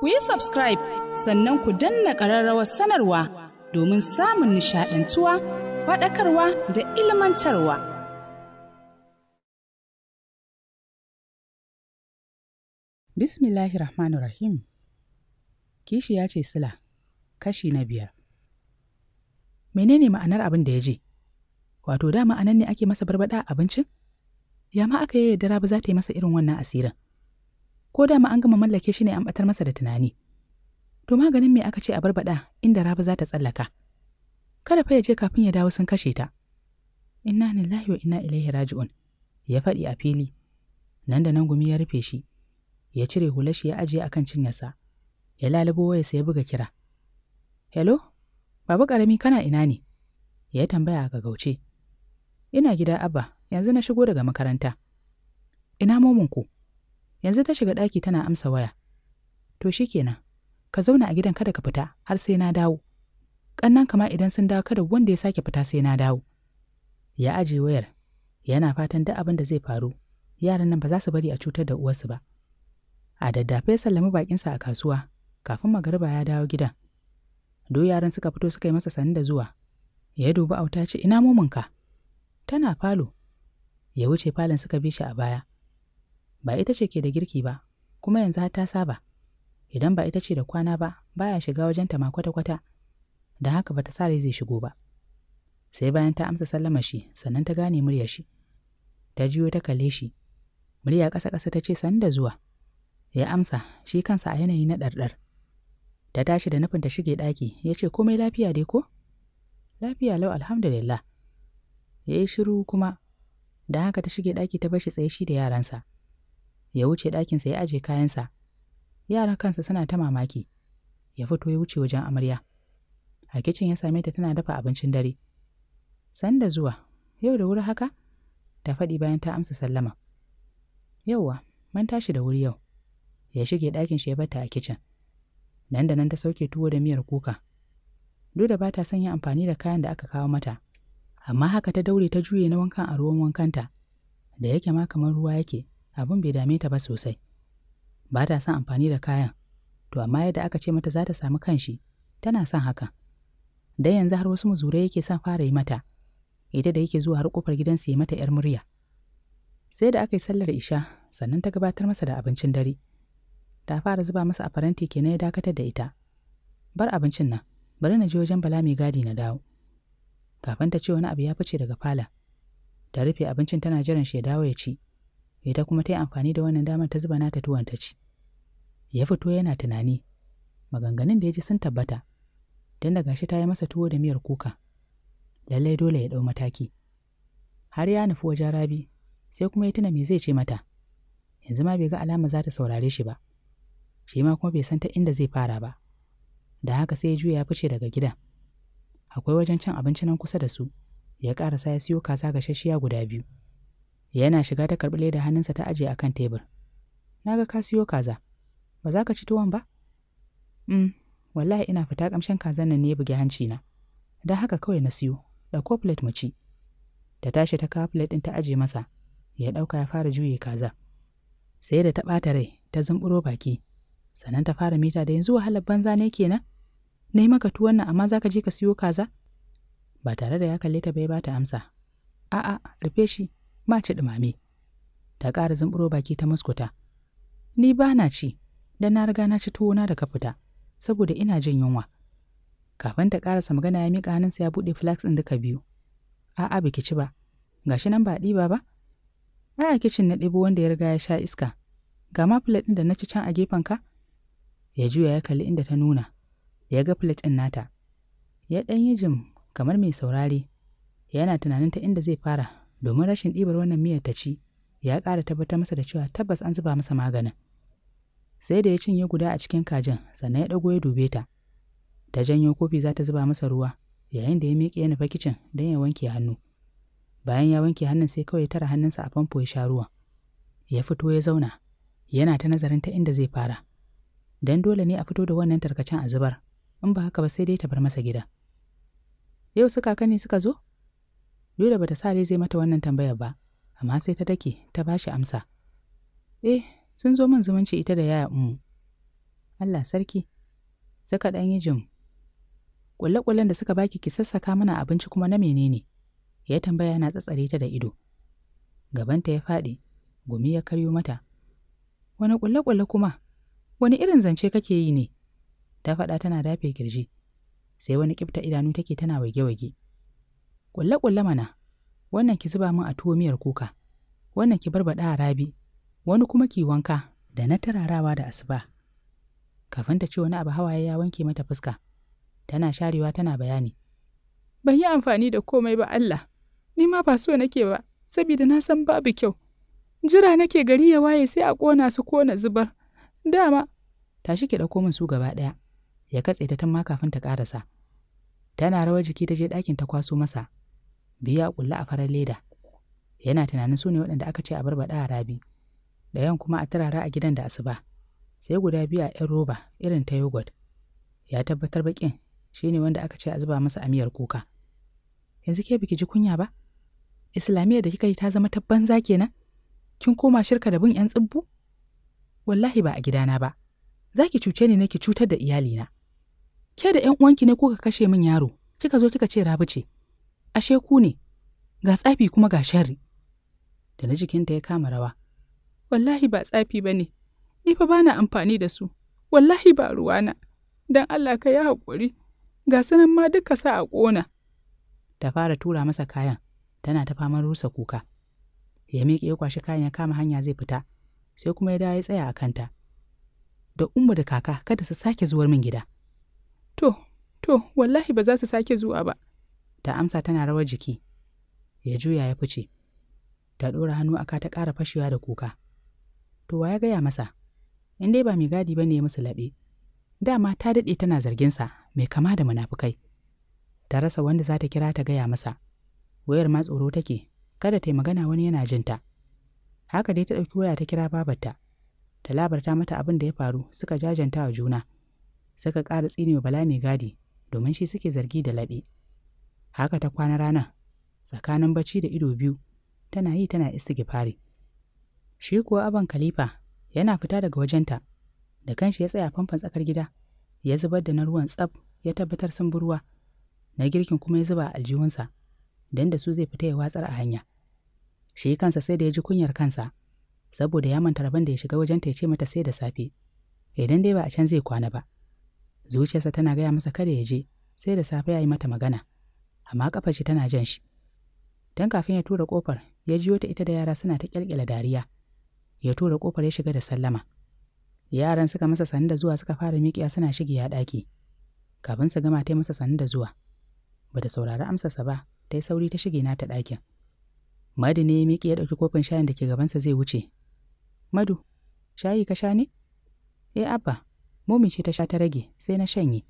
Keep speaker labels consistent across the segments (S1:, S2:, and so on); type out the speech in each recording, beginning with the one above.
S1: ku yi subscribe sannan ku danna ƙararrawar sanarwa domin samun nishaɗantuwa faɗakarwa da ilmantarwa. Bismillahirrahmanirrahim Kishi ya ce Sila, kashi na biyar. Menene ma'anar abin da ya je? Wato dama anan ne ake masa barbaɗa abincin? Ya ma aka yi yadda ba za ta yi masa irin wannan asirin. ko dama an gama mallake shi ne an batar masa da tunani to maganin me aka ce a barbada inda rabu za ta tsallaka kada fa ya je kafin ya dawo sun kashe ta inna lillahi wa inna ilaihi raji'un ya faɗi a fili nan da nan gumi ya rufe shi ya cire hula shi ya ajiye akan cinyarsa ya lalubo wayarsa ya buga kira hello babu karami kana ina ne ya tambaya ga gauce ina gida abba yanzu na shigo daga makaranta ina momunku ku Yanzu ta shiga ɗaki tana amsa waya. To shi kenan, ka zauna a gidan kada ka fita har sai na dawo. Ƙannan kama idan sun dawo kada wanda ya sake fita sai na dawo. Ya aje wayar, yana fatan duk abin da zai faru, yaran nan ba za su bari a cutar da uwarsu ba. A daddafe ya sallami bakinsa a kasuwa, kafin magariba ya dawo gidan. Do yaran suka fito suka yi masa sanin da zuwa. Ya dubi auta ce ina mominka? Tana falo. Ya wuce falon suka bi shi a baya. ba ita ce ke da girki ba kuma yanzu har ta saba idan ba ita ce da kwana ba baya shiga wajenta ma kwata-kwata da haka bata sa zai shigo ba sai bayan ta amsa sallama shi sannan ta gane murya shi ta jiyo ta kalle shi murya ƙasa-ƙasa ta ce sanda zuwa ya amsa shi kansa a yanayi na ɗarɗar ta tashi da nufin ta shige ɗaki ya ce komai lafiya dai ko lafiya lau alhamdulillah ya yi shiru kuma da haka ta shige ɗaki ta bashi tsaye shi da yaransa ya wuce ɗakinsa ya aje kayansa. Yaran kansa suna ta mamaki. Ya fito ya wuce wajen amarya. A kicin ya same ta tana dafa abincin dare. Sanda zuwa, yau da wuri haka? Ta faɗi bayan ta amsa sallama. Yauwa, mun tashi da wuri yau. Ya shige ɗakin shi ya bata a kicin. Nan da nan ta sauke tuwo da miyar kuka. Duk da ba son yin amfani da kayan da aka kawo mata, amma haka ta daure ta juye na wankan a ruwan wankanta, da yake ma kamar ruwa yake, Abun bai dame ta ba sosai ba ta son amfani da kayan to amma yadda aka ce mata za ta samu kanshi tana son haka. dan yanzu har wasu muzurai yake son fara yi mata ita da yake zuwa har kofar gidansa yi mata yar murya sai da aka yi sallar isha sannan ta gabatar masa da abincin dare ta fara zuba masa a faranti kenan ya dakatar da ita bar abincin nan bari na je wajen bala mai gadi na dawo kafin ta ce wani abu ya fice daga fala ta rufe abincin tana jiran shi ya dawo ya ci ita kuma ta yi amfani da wannan damar ta zuba nata tuwon ta ci ya fito yana tunani maganganun da ya ji sun tabbata don da gashi ta yi masa tuwo da miyar kuka lallai dole ya ɗau mataki har ya nufi wajen rabi sai kuma ya tuna me zai ce mata yanzu ma bai ga alama za ta saurare shi ba shi ma kuma bai san ta inda zai fara ba da haka sai ya juya ya fice daga gida. akwai wajen cin abinci nan kusa da su ya ƙarasa ya siyo kaza gasasshiya guda biyu Yana shiga ta karɓi leda hannunsa ta ajiye a kan tebur. Na ga ka siyo kaza. Ba za ka ci tuwon ba? Mm, wallahi ina fita kamshin kazan nan ne buge hanci na. Don haka kawai na siyo, ɗauko plate mu ci. Ta tashi ta kawo plate ɗin ta ajiye masa, ya ɗauka ya fara juye kaza. Sai da ta ɓata rai, ta zumburo baki, sannan ta fara mita da yanzu wahalar banza ne kenan? Na yi maka tuwon nan amma za ka je ka siyo kaza? Ba tare da ya kalle ta bai ba ta amsa. A'a, rufe shi, ba ci ɗumame. Ta ƙara zumburo baki ta muskuta. Ni ba na ci, don na riga na ci tuwona da ka fita, saboda ina jin yunwa. Kafin ta ƙarasa magana ya miƙa hannunsa ya buɗe flax ɗin duka biyu. A'a biki ci ba, gashi nan ba ɗiba ba? Ai a kicin na ɗebo wanda ya riga ya sha iska. Ga ma plate ɗin da na ci can a gefen ka? Ya juya ya kalli inda ta nuna. Ya ga plate ɗin nata. Ya ɗan yi jim kamar mai saurare. Yana tunanin ta inda zai fara domin rashin ɗibar wannan miyar ta ci ya ƙara tabbatar masa da cewa tabbas an zuba masa maganin sai da ya cinye guda a cikin kajin sannan ya ɗago ya dube ta ta janyo kofi za ta zuba masa ruwa yayin da ya miƙe ya nufa kicin don ya wanke hannu bayan ya wanke hannun sai kawai tara hannunsa a famfo ya sha ruwa. ya fito ya zauna yana ta nazarin ta inda zai fara don dole ne a fito da wannan tarkacen a zubar in ba haka ba sai dai ta bar masa gida yau su kaka ne suka zo Dole bata sa rai zai mata wannan tambayar ba, amma sai ta dake ta bashi amsa. Eh, sun zo min zumunci ita da yaya umu. Allah sarki, Saka ɗan yi jim. ƙulle da suka baki ki sassaka mana abinci kuma na menene? Ya tambaya na tsatsare ta da ido. Gabanta ya faɗi, gumi ya karyo mata. Wani ƙulle kuma? Wani irin zance kake yi ne? Ta faɗa tana dafe kirji. Sai wani ƙifta idanu take tana wage-wage. kulle-kulle mana, wannan ki zuba min a tuwo miyar kuka, wannan ki barbaɗa a rabi, wani kuma ki wanka da na tararawa da asuba. Kafin ta ce wani abu hawaye ya wanke mata fuska, tana sharewa tana bayani. Ban yi amfani da komai ba Allah, ni ma ba so nake ba, saboda na san babu kyau. Jira nake gari ya waye sai a kona su kona zubar. Dama, tashi ki ɗauko min su gaba ɗaya, ya katse ta tamma kafin ta ƙarasa. Tana rawar jiki ta je dakin ta kwaso masa, biya a a farar leda yana tunanin su ne waɗanda aka ce a barbaɗa a rabi da ɗayan kuma a turara a gidan da asuba sai guda biyu a 'yan roba irin ta yogurt ya tabbatar bakin shi ne wanda aka ce a zuba masa amiyar kuka yanzu ke biki ji kunya ba islamiyyar da kika yi ta zama tabban zake kenan kin koma shirka da bin 'yan tsibbu wallahi ba a gidana ba za ki cuce ni ki cutar da iyalina ke da 'yan uwanki ne kuka kashe min yaro kika zo kika ce rabu ce ashe ku ne, ga tsafi kuma ga sharri. Da na jikinta ya kama rawa. Wallahi ba tsafi ba ne, ni fa bana amfani da su, wallahi ba ruwa na don Allah ka yi haƙuri, ga sanan ma duka sa a ƙona. Ta fara tura masa kayan, tana ta faman rusa kuka. Ya miƙe ya kwashi kayan ya kama hanya zai fita, sai kuma ya dawo ya tsaya a kanta. Da umma da kaka kada su sake zuwar min gida. To, to, wallahi ba za su sake zuwa ba. ta amsa tana rawar jiki ya juya ya fice ta ɗora hannu aka ta ƙara fashewa da kuka to wa ya gaya masa in dai ba mai gadi ba ne ya musu laɓe dama ta daɗe tana zarginsa mai kama da munafukai ta rasa wanda za ta kira ta gaya masa wayar ma tsoro take kada ta yi magana wani yana jinta haka dai ta ɗauki waya ta kira babarta ta labarta mata abin da ya faru suka jajanta wa juna suka ƙara tsinewa bala mai gadi domin shi suke zargi da laɓe. haka ta kwana rana tsakanin bacci da ido biyu tana yi tana istighfari shi kuwa aban khalifa yana fita daga wajenta da kanshi ya tsaya famfan tsakar gida ya zubar da na ruwan tsab ya tabbatar sun ruwa na girkin kuma ya zuba a aljihunsa don da su zai fita ya watsar a hanya shi kansa sai da ya ji kunyar kansa saboda ya manta rabon da ya shiga wajenta ya ce mata sai da safe idan dai ba a can zai kwana ba zuciyarsa tana gaya masa kada ya je sai da safe ya yi mata magana amma ƙafa shi tana jan shi. Dan kafin ya tura kofar ya jiyo ta ita da yara suna ta kyalkyala dariya. Ya tura kofar ya shiga da sallama. Yaran suka masa sanin da zuwa suka fara miƙiya suna shigiya ɗaki. Kafin su gama ta masa sanin da zuwa. Bata saurari amsarsa ba, ta yi sauri ta shige ta ɗakin. Madu ne ya miki ya ɗauki kofin shayin da ke gabansa zai wuce. Madu, shayi ka sha ne? Eh abba, momi ce ta sha ta rage sai na shanye.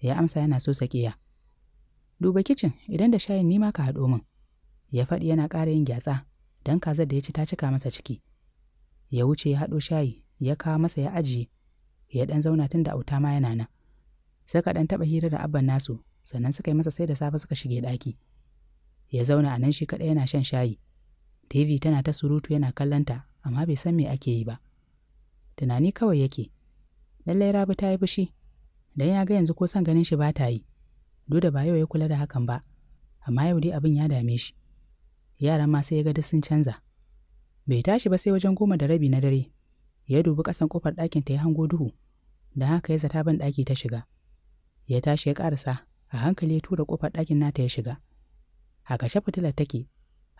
S1: Ya amsa yana so saƙiya. Duba kicin idan da shayin nima ka haɗo min. Ya faɗi yana ƙara yin gyatsa Dan kazar da ya ci ta cika masa ciki. Ya wuce ya haɗo shayi ya kawo masa ya ajiye ya ɗan zauna tun da auta ma yana nan. Suka ɗan taɓa hira da abban nasu sannan suka yi masa sai da safe suka shige ɗaki. Ya zauna a nan shi kaɗai yana shan shayi. TV tana ta surutu yana kallonta amma bai san me ake yi ba. Tunani kawai yake. Lallai Rabi ta yi fushi, don ya ga yanzu ko son ganin shi ba ta yi. Duk ba yau ya kula da hakan ba, amma yau dai abin ya dame shi. Yaran ma sai ya ga duk sun canza. Bai tashi ba sai wajen goma da rabi na dare, ya dubi ƙasan ƙofar ɗakin ta ya hango duhu, da haka ya zata ban ɗaki ta shiga. Ya tashi ya ƙarasa, a hankali ya tura ƙofar ɗakin nata ya shiga. A kashe fitilar take,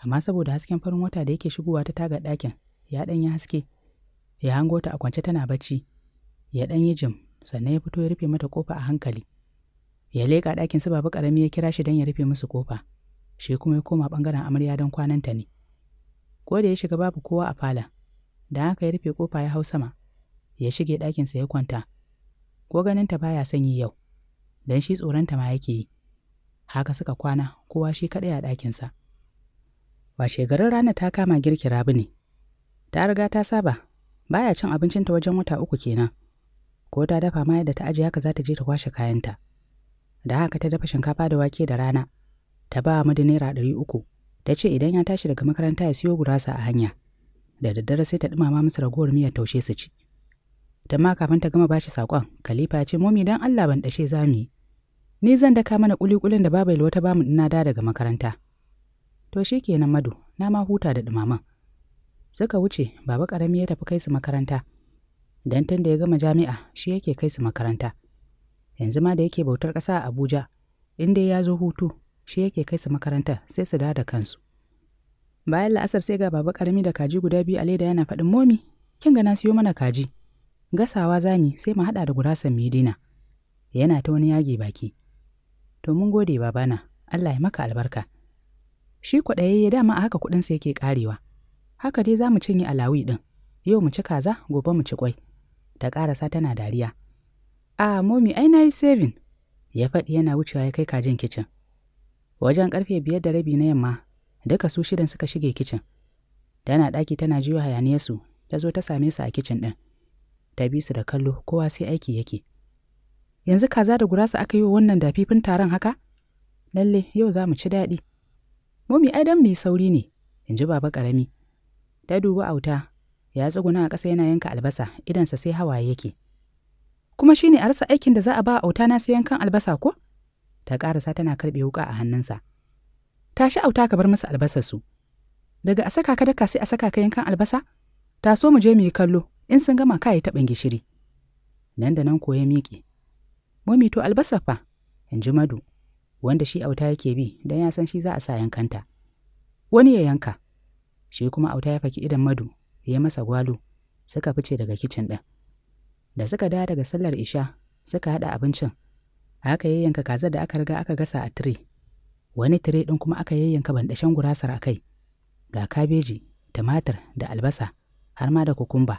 S1: amma saboda hasken farin wata da yake shigowa ta tagar ɗakin ya ɗan yi haske ya hango ta a kwance tana bacci ya ɗan yi jim sannan ya fito ya rufe mata kofa a hankali ya leƙa ɗakin su babu ƙarami ya kira shi don ya rufe musu kofa shi kuma ya koma ɓangaren amarya don kwananta ne ko da ya shiga babu kowa a fala da haka ya rufe kofa ya hau sama ya shige ɗakinsa ya kwanta ko ganinta baya sanyi yau don shi tsoronta ma yake yi haka suka kwana kowa shi kaɗai a ɗakinsa washe garin rana ta kama girki rabu ne ta riga ta saba baya cin abincinta wajen wata uku kenan ko ta dafa ma yadda ta ajiye haka za ta je ta kwashe kayanta. da haka ta dafa shinkafa da wake da rana ta ba mu da naira ɗari uku ta ce idan ya tashi daga makaranta ya siyo gurasa a hanya da daddare sai ta ɗumama musu ragowar miyar taushe su ci da ma kafin ta gama bashi saƙon kalifa ya ce momi dan allah ban ɗashe za mu yi ni zan daka mana kulikulin da babai ba bamu ina da daga makaranta to shi kenan madu na ma huta da ɗumaman suka wuce baba ƙarami ya tafi kai su makaranta dan tun da ya gama jami'a shi yake kai su makaranta yanzu ma da yake bautar ƙasa a Abuja, inda ya zo hutu, shi yake kai su makaranta sai su da kansu. Bayan la'asar sai ga baba ƙarami da kaji guda biyu a leda yana faɗin momi, kin ga na siyo mana kaji. Gasawa zami sai mu haɗa da gurasan midina. Yana ta wani yage baki. To mun gode babana, Allah ya maka albarka. Shi kwaɗayayye dama a haka kuɗinsa yake ƙarewa. Haka dai za mu cinye alawi ɗin, yau mu ci kaza, gobe mu ci ƙwai. Ta ƙarasa tana dariya. A, momi ai na yi saving, ya faɗi yana wucewa ya kai kajin kicin. Wajen ƙarfe biyar da rabi na yamma, duka su shirin suka shige kicin. Tana ɗaki tana jiyo su, ta zo ta same su a kicin ɗin. Ta bi su da kallo, kowa sai aiki yake. Yanzu kaza da gurasa aka yi wa wannan dafifin taron haka? Lalle, yau za mu ci daɗi. momi ai dan mai sauri ne, in ji baba ƙarami. Ta dubi auta, ya tsuguna a ƙasa yana yanka albasa, idansa sai hawaye yake. kuma shi ne a rasa aikin da za a ba a auta na sai yankan albasa ko ta ƙarasa tana karɓe wuƙa a hannunsa ta tashi auta ka bar masa albasar su. daga a saka ka daka sai a saka ka yankan albasa ta so mu je mu yi kallo in sun gama ka yi taɓin gishiri nan da nan ko ya miƙe mami to albasa fa in ji madu wanda shi auta yake bi don ya san shi za a sa yankanta wani ya yanka shi kuma auta ya faki idan madu ya masa gwalo suka fice daga kicin ɗin da suka dawo daga sallar isha suka haɗa abincin aka yayyanka kazar da aka riga aka gasa a tire wani tire ɗin kuma aka yayyanka bandashen gurasar a kai ga kabeji tumatir da albasa har ma da kukumba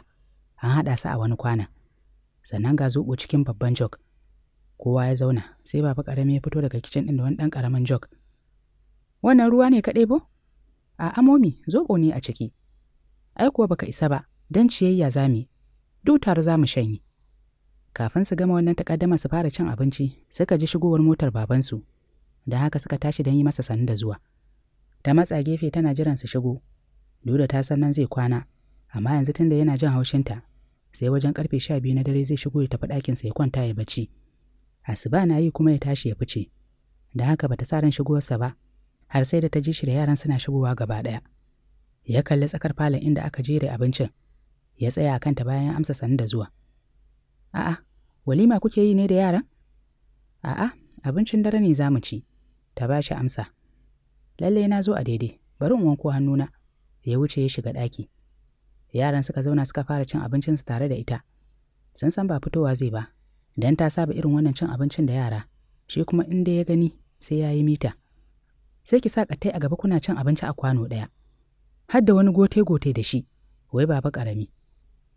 S1: an haɗa su a wani kwana sannan ga zoɓo cikin babban jog kowa ya zauna sai baba ƙarami ya fito daga kicin ɗin da wani ɗan ƙaramin jog wannan ruwa ne kaɗai bo a amomi zoɓo ne a ciki ai kuwa baka isa ba don ciyayya za mu yi duk tare za mu shanye kafin su gama wannan takaddama su fara cin abinci suka ji shigowar motar babansu da haka suka tashi don yi masa sannu da zuwa ta matsa gefe tana jiran su shigo Duda ta san nan zai kwana amma yanzu tunda yana jin haushinta sai wajen karfe sha biyu na dare zai shigo ya tafi ɗakinsa ya kwanta ya bacci asuba na yi kuma ya tashi ya fice da haka bata sa ran shigowarsa ba har sai da ta ji shi da yaran suna shigowa gaba ɗaya ya kalli tsakar falon inda aka jere abincin ya tsaya a kanta bayan amsa sannu da zuwa A'a, walima kuke yi ne da yaran? A'a, abincin dare ne za mu ci, ta ba shi amsa. Lalle na zo a daidai, bari in wanko hannuna, ya wuce ya shiga ɗaki. Yaran suka zauna suka fara cin abincinsu tare da ita. Sun san ba fitowa zai ba, don ta saba irin wannan cin abincin da yara, shi kuma in dai ya gani sai ya yi mita. Sai ki sa kattai a gaba kuna cin abinci a kwano ɗaya. Har da wani gote-gote da shi, wai baba ƙarami.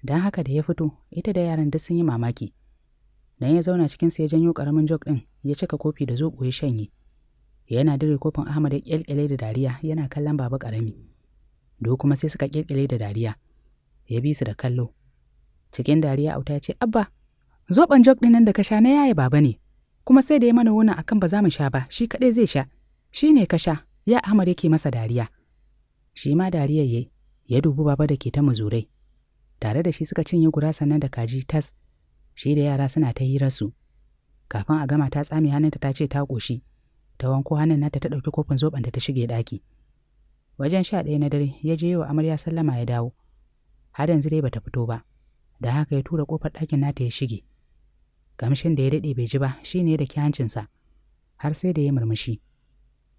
S1: Don haka da ya fito, ita da yaran duk sun yi mamaki. nan ya zauna cikin sa ya janyo karamin jog din ya cika kofi da zoɓo ya shanye. Yana dire kofin Ahmad ya kyalkyale da dariya yana kallon baba karami Do kuma sai suka kyalkyale da dariya. Ya bi su da kallo. Cikin dariya auta ya ce, Abba, zoɓon jog ɗin nan da ka sha na yaye baba ne, kuma sai da ya mana wuna akan ba za mu sha ba, shi kaɗai zai sha. Shi ne ka sha, ya Ahmad yake masa dariya. Shi ma dariya ya ya dubi baba da ke ta muzurai. tare da shi suka cinye gurasa nan da kaji tas shi da yara suna ta hirarsu. su kafin a gama ta tsame hannunta ta ce ta ƙoshi ta wanko hannun nata ta ɗauki kofin zoben da ta shige ɗaki wajen sha ɗaya na dare ya je wa amarya sallama ya dawo har yanzu dai bata fito ba da haka ya tura kofar ɗakin nata ya shige kamshin da ya daɗe bai ji ba shi ne da hancinsa har sai da ya murmushi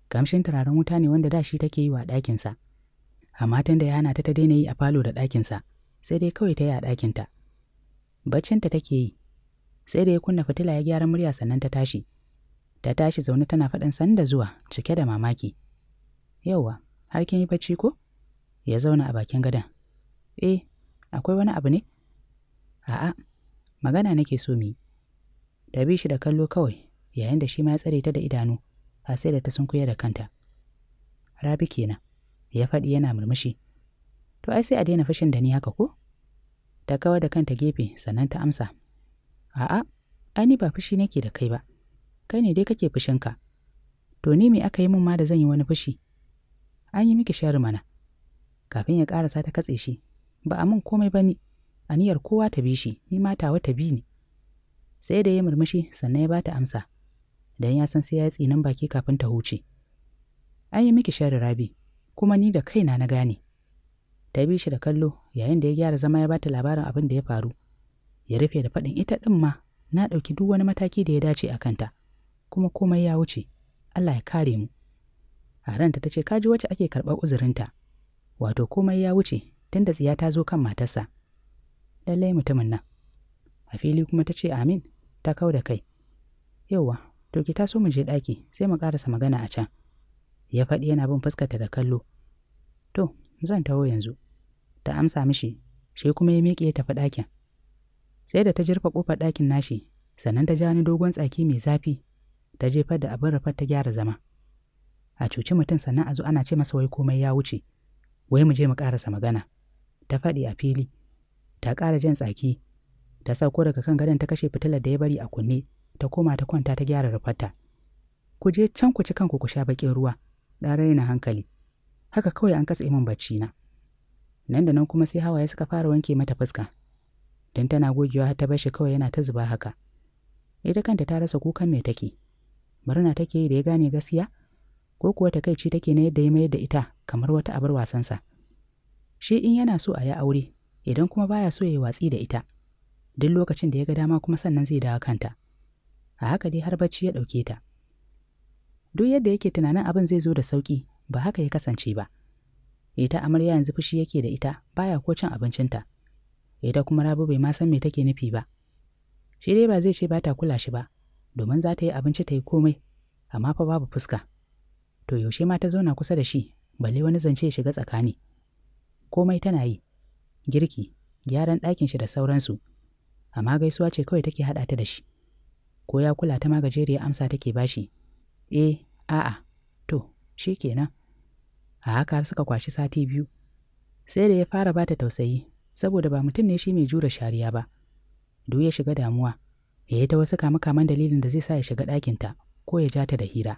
S1: kamshin turaren wuta ne wanda da shi take yi wa ɗakinsa amma matan da ya hana ta ta daina yi a falo da ɗakinsa sai dai kawai ta yi a ɗakinta. Baccinta take yi, sai da ya kunna fitila ya gyara murya sannan ta tashi. Ta tashi zaune tana faɗin sanda zuwa cike da mamaki. Yauwa, har kin yi bacci ko? Ya zauna a bakin gadon. Eh, akwai wani abu ne? A'a, magana nake so mu yi. Ta bi shi da kallo kawai, yayin da shi ma ya tsare ta da idanu, har sai da ta sunkuya da kanta. Rabi kenan, ya faɗi yana murmushi. To ai sai a daina fushin da ni haka ko? Ta kawar da kanta gefe sannan ta amsa. A'a, ai ni ba fushi nake da kai ba. Kai ne dai kake fushinka. To ni me aka yi min ma da zan yi wani fushi? An yi miki shari mana. Kafin ya karasa ta katse shi, ba a mun komai ba ni, aniyar kowa ta bi shi, ni ma tawa ta bi ni. Sai da ya murmushi sannan ya ba ta amsa, Dan ya san sai ya yi tsinin baki kafin ta huce. An yi miki shari rabi, kuma ni da kaina na gane. ta bi shi da kallo yayin da ya gyara zama ya bata labarin abin da ya faru ya rufe da faɗin ita ɗin ma na ɗauki duk wani mataki da ya dace a kanta kuma komai ya wuce Allah ya kare mu haranta ta ce kaji wacce ake karɓar uzurinta wato komai ya wuce tunda tsiya ta zo kan matarsa lallai mutumin nan a fili kuma ta ce amin ta kau da kai yauwa to ki taso mu je ɗaki sai mu ƙarasa magana a can ya faɗi yana bin fuskarta da kallo to zan taho yanzu ta amsa mishi shi kuma ya miƙe ya tafi ɗakin sai da ta jirfa ƙofar ɗakin nashi sannan ta ja wani dogon tsaki mai zafi ta jefar da abin rufar ta gyara zama a cuci mutum sannan a zo ana ce masa wai komai ya wuce wai mu je mu ƙarasa magana ta faɗi a fili ta ƙara jan tsaki ta sauko daga kan gadon ta kashe fitilar da ya bari a kunne ta koma ta kwanta ta gyara rufarta ku je can ku ci kanku ku sha baƙin ruwa ɗan raina hankali haka kawai an katse min bacci na nan da nan kuma sai hawaye suka fara wanke mata fuska don tana gogewa har ta bar shi kawai yana ta zuba haka ita kanta ta rasa kukan me take murna take yi da ya gane gaskiya ko kuwa takaici take na yadda ya mayar da ita kamar wata abar wasan sa? shi in yana so a yi aure idan kuma baya so ya yi watsi da ita duk lokacin da ya ga dama kuma sannan zai dawo kanta a haka dai har bacci ya ɗauke ta duk yadda yake tunanin abin zai zo da sauƙi ba haka ya kasance ba ita amarya yanzu fushi yake da ita baya ko cin abincinta ita kuma rabu bai ma san me take nufi ba shi dai ba zai ce ba ta kula shi ba domin za ta yi abinci ta yi komai amma fa babu fuska to yaushe ma ta zauna kusa da shi balle wani zance ya shiga tsakani komai tana yi girki gyaran ɗakin shi da sauransu amma gaisuwa ce kawai take haɗa ta da shi ko ya kula ta ma gajeriyar amsa take bashi eh a'a to shi kenan a haka har suka kwashi sati biyu sai da ya fara bata tausayi saboda ba mutum ne shi mai jure shariya ba du ya shiga damuwa ya yi ta wasu kamakaman kaman dalilin da zai sa ya shiga ɗakinta ko ya ja ta da hira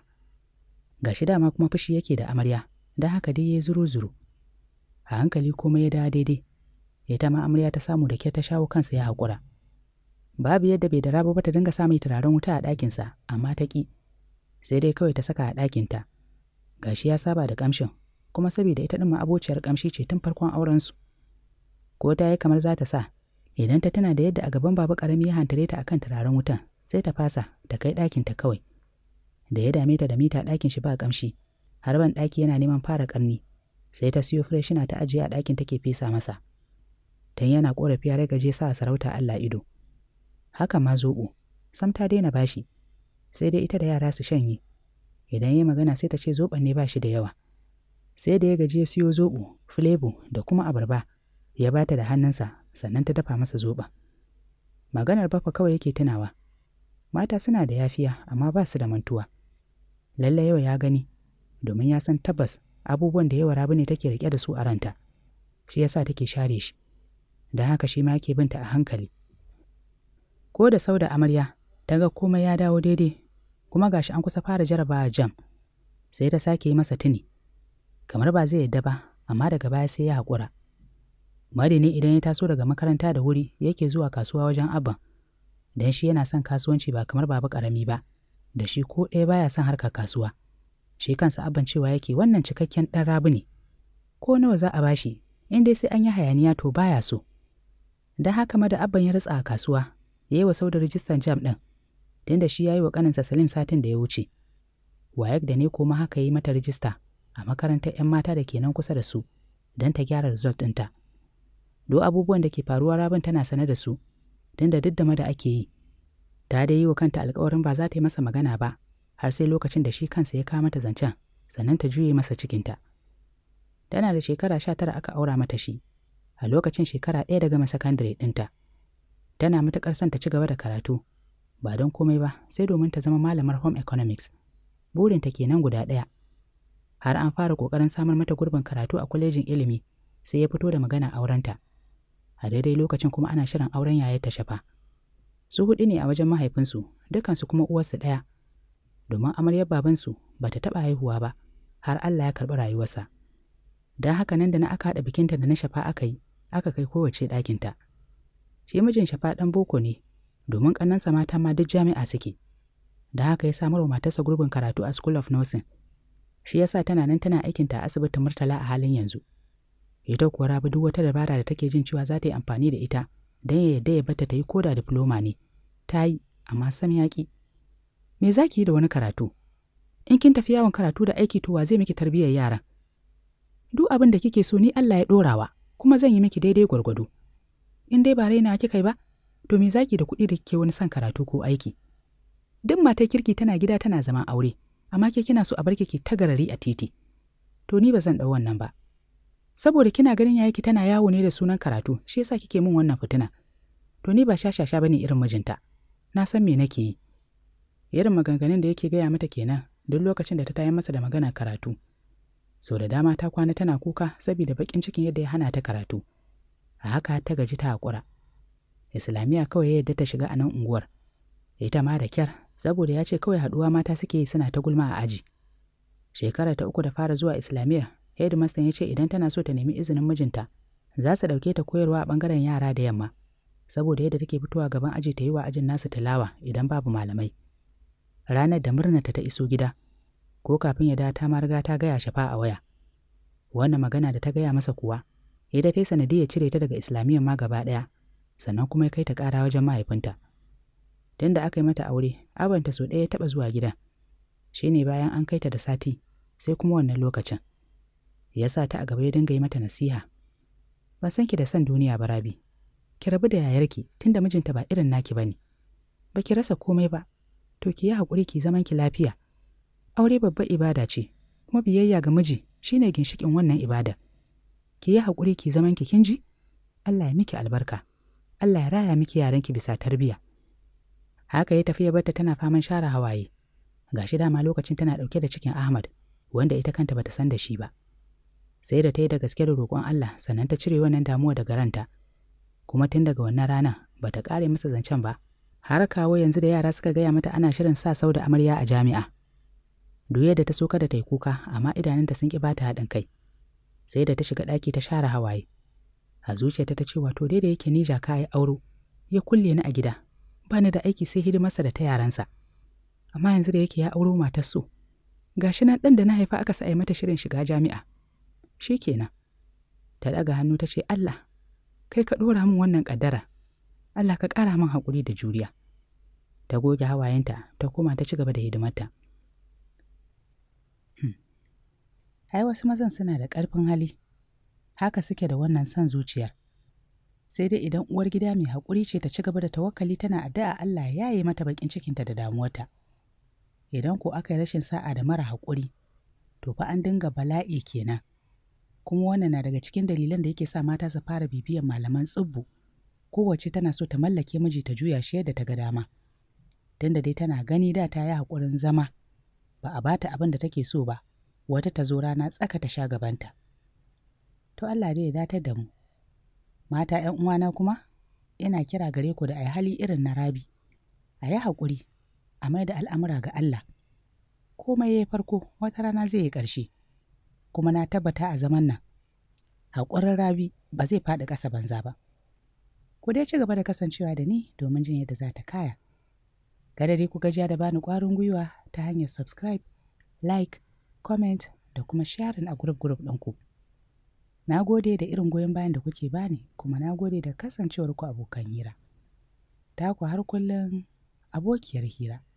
S1: gashi dama kuma fushi yake da amarya don haka dai ya zuru-zuru a hankali kuma ya dawo daidai Ya ma amarya ta samu da ke ta shawo kansa ya haƙura babu yadda bai da rabo ba ta dinga sa mai turaren wuta a ɗakinsa amma ta ƙi sai dai kawai ta saka a ɗakinta gashi ya saba da ƙamshin kuma saboda ita ɗin abociyar ƙamshi ce tun farkon aurensu. Ko ta yi kamar za ta sa, idan ta tana da yadda a gaban baba ƙarami ya hantare ta akan turaren wutan, sai ta fasa ta kai ɗakin ta kawai. Da ya dame ta da mita ɗakin shi ba ƙamshi, har ban ɗaki yana neman fara ƙarni, sai ta siyo fireshina ta ajiye a ɗakin take fesa masa. Tan yana ƙorafi ya rage sa sarauta Allah ido. Haka ma zoɓo, sam ta daina bashi, sai dai ita da yara su shanye. Idan ya magana sai ta ce zoɓon ne ba shi da yawa. sai da ya gaji ya siyo zobo, filebo da kuma abarba ya bata da hannunsa sannan ta dafa masa zoɓa maganar bafa kawai yake tunawa mata suna da yafiya amma ba su da mantuwa lallai yau ya gani domin ya san tabbas abubuwan da yawa rabu ne take riƙe da su a ranta shi yasa take share shi da haka shi ma yake binta a hankali ko da sau da amarya ta ga komai ya dawo daidai kuma gashi an kusa fara jarabawa jam sai ta sake yi masa tuni kamar ba zai yadda ba amma daga baya sai ya haƙura ne idan ya taso daga makaranta da wuri yake zuwa kasuwa wajen abban don shi yana son kasuwanci ba kamar babu ƙarami ba da shi ko ɗaya baya son harkar kasuwa shi kansa abban cewa yake wannan cikakken ɗan rabu ne ko nawa za a bashi in dai sai an yi hayaniya to baya so don haka ma da abban ya ritsa a kasuwa ya yi wa sau da rijistan jam ɗin da shi ya yi wa ƙaninsa salim satin da ya wuce Wayak da ne kuma haka ya yi mata rijista a makarantar 'yan mata da ke nan kusa da su don ta gyara result ɗinta. Do abubuwan da ke faruwa rabin tana sane da su, don da diddama da ake yi. Ta dai yi wa kanta alkawarin ba za ta yi masa magana ba, har sai lokacin da shi kansa ya kama ta zancen, sannan ta juye masa cikinta. Tana da shekara sha tara aka aura mata shi, a lokacin shekara ɗaya daga masakandare ɗinta. Tana matuƙar son ta ci gaba da karatu, ba don komai ba sai domin ta zama malamar home economics. Burinta kenan guda ɗaya, har an fara ƙoƙarin samar mata gurbin karatu a kwalejin ilimi sai ya fito da magana aurenta a daidai lokacin kuma ana shirin auren yayarta shafa su huɗu ne a wajen mahaifinsu dukansu kuma uwarsu ɗaya domin amaryar babansu ba ta taɓa haihuwa ba har Allah ya karɓi rayuwarsa don haka nan da na aka haɗa bikinta da na shafa aka yi aka kai kowace ɗakinta shi mijin shafa ɗan boko ne domin ƙannansa mata ma duk jami'a suke da haka ya samar wa matarsa gurbin karatu a School of Nursing shi yasa tana nan tana aikin ta asibitin murtala a halin yanzu ita kuwa rabu duk wata dabara da take jin cewa za ta yi amfani da ita dan ya yarda ya bata ta yi koda diploma ne ta yi amma sam yaki me za ki yi da wani karatu in kin tafi yawon karatu da aiki to wa zai miki tarbiyyar yara duk abin da kike so ni Allah ya dorawa kuma zan yi miki daidai gwargwado in dai ba raina kika yi ba to me zaki da kuɗi da kike wani son karatu ko aiki duk matar kirki tana gida tana zaman aure amma ke kina so a barke ki ta garari a titi to ni ba zan dau wannan ba saboda kina ganin yayi ki tana yawo ne da sunan karatu shi yasa kike min wannan fitina to ni ba shashasha bane irin mijinta na san me nake yi irin maganganun da yake gaya mata kenan duk lokacin da ta tayar masa da magana karatu sau da dama ta kwana tana kuka saboda bakin cikin yadda ya hana ta karatu a haka ta gaji ta haƙura islamiyya kawai ya yadda ta shiga a nan unguwar ita ma da kyar saboda ya ce kawai haɗuwa mata suke yi suna ta gulma a aji. Shekara ta uku da fara zuwa Islamiyya, Headmaster ya ce idan tana so ta nemi izinin mijinta, za su ɗauke ta koyarwa a ɓangaren yara da yamma, saboda yadda take fitowa gaban aji ta yi wa ajin nasu talawa idan babu malamai. Ranar da murnata ta iso gida, ko kafin ya dawo ta ma riga ta gaya shafa a waya. Wannan magana da ta gaya masa kuwa, ita ta yi sanadiyar cire ta daga Islamiyya ma gaba ɗaya, sannan kuma ya kai ta ƙara wajen mahaifinta. tunda aka yi mata aure abanta sau ɗaya ya taɓa zuwa gida shi ne bayan an kai ta da sati sai kuma wannan lokacin ya sa ta a gaba ya dinga yi mata nasiha Ba san ki da san duniya ba rabi ki rabu da yayarki tunda mijinta ba irin naki bane ba ki rasa komai ba to ki yi haƙuri ki zaman ki lafiya aure babbar ibada ce kuma biyayya ga miji shine ginshikin wannan ibada ki yi haƙuri ki zaman ki kinji Allah ya miki albarka Allah ya raya miki yaranki bisa tarbiyya Haka ya tafi ya barta tana faman share hawaye. Gashi dama lokacin tana ɗauke da cikin Ahmad, wanda ita kanta bata san da shi ba. Sai da ta yi da gaske da roƙon Allah sannan ta cire wannan damuwa daga ranta. Kuma tun daga wannan rana bata kare masa zancen ba. Har kawo yanzu da yara suka gaya mata ana shirin sa sau da amarya a jami'a. Duye da ta soka da ta yi kuka amma idanunta sun ƙi bata haɗin kai. Sai da ta shiga ɗaki ta share hawaye. a zuciyarta ta ce wato dai da yake ni jaka auro ya kulle ni a gida Bani da aiki sai hidimarsa da ta yaransa. Amma yanzu da yake ya auro matar su gashi nan ɗan da na haifa aka sa yi mata shirin shiga jami'a. Shi kenan. Ta ɗaga hannu ta ce, Allah, kai ka ɗora min wannan ƙaddara. Allah ka ƙara min haƙuri da juriya. Ta goge hawayenta, ta koma ta ci gaba da hidimarta. Hmm. Ai wasu mazan suna da ƙarfin hali, haka suke da wannan son zuciyar. sai dai idan uwar gida mai haƙuri ce ta ci gaba da tawakkali tana addu'a Allah ya yi mata bakin cikinta da damuwarta. Idan ko aka yi rashin sa'a da mara haƙuri, to fa an dinga bala'i kenan. Kuma wannan na daga cikin dalilan da yake sa mata su fara bibiyar malaman tsibbu. Kowace tana so ta mallake miji ta juya shi yadda ta ga dama. Tunda dai tana gani da ta yi haƙurin zama, ba a bata abin da take so ba, wata ta zo rana tsaka ta sha gabanta. To Allah dai ya datar da mu. Mata ‘yan uwana kuma, ina kira gare ku da a hali irin na rabi, a yi haƙuri, a mai da al'amura ga Allah. Komai ya yi farko wata rana zai yi ƙarshe, kuma na tabbata a zaman nan, haƙurin rabi ba zai faɗi ƙasa banza ba. Ku dai ci gaba da kasancewa da ni domin jin yadda za ta kaya. Kada dai ku gajiya da bani ƙwarin gwiwa ta hanyar subscribe, like, comment da kuma sharing a group group ɗinku. Na gode da irin goyon bayan da kuke bani kuma na gode da kasancewarku abokan hira. Ta Taku har kullum abokiyar hira.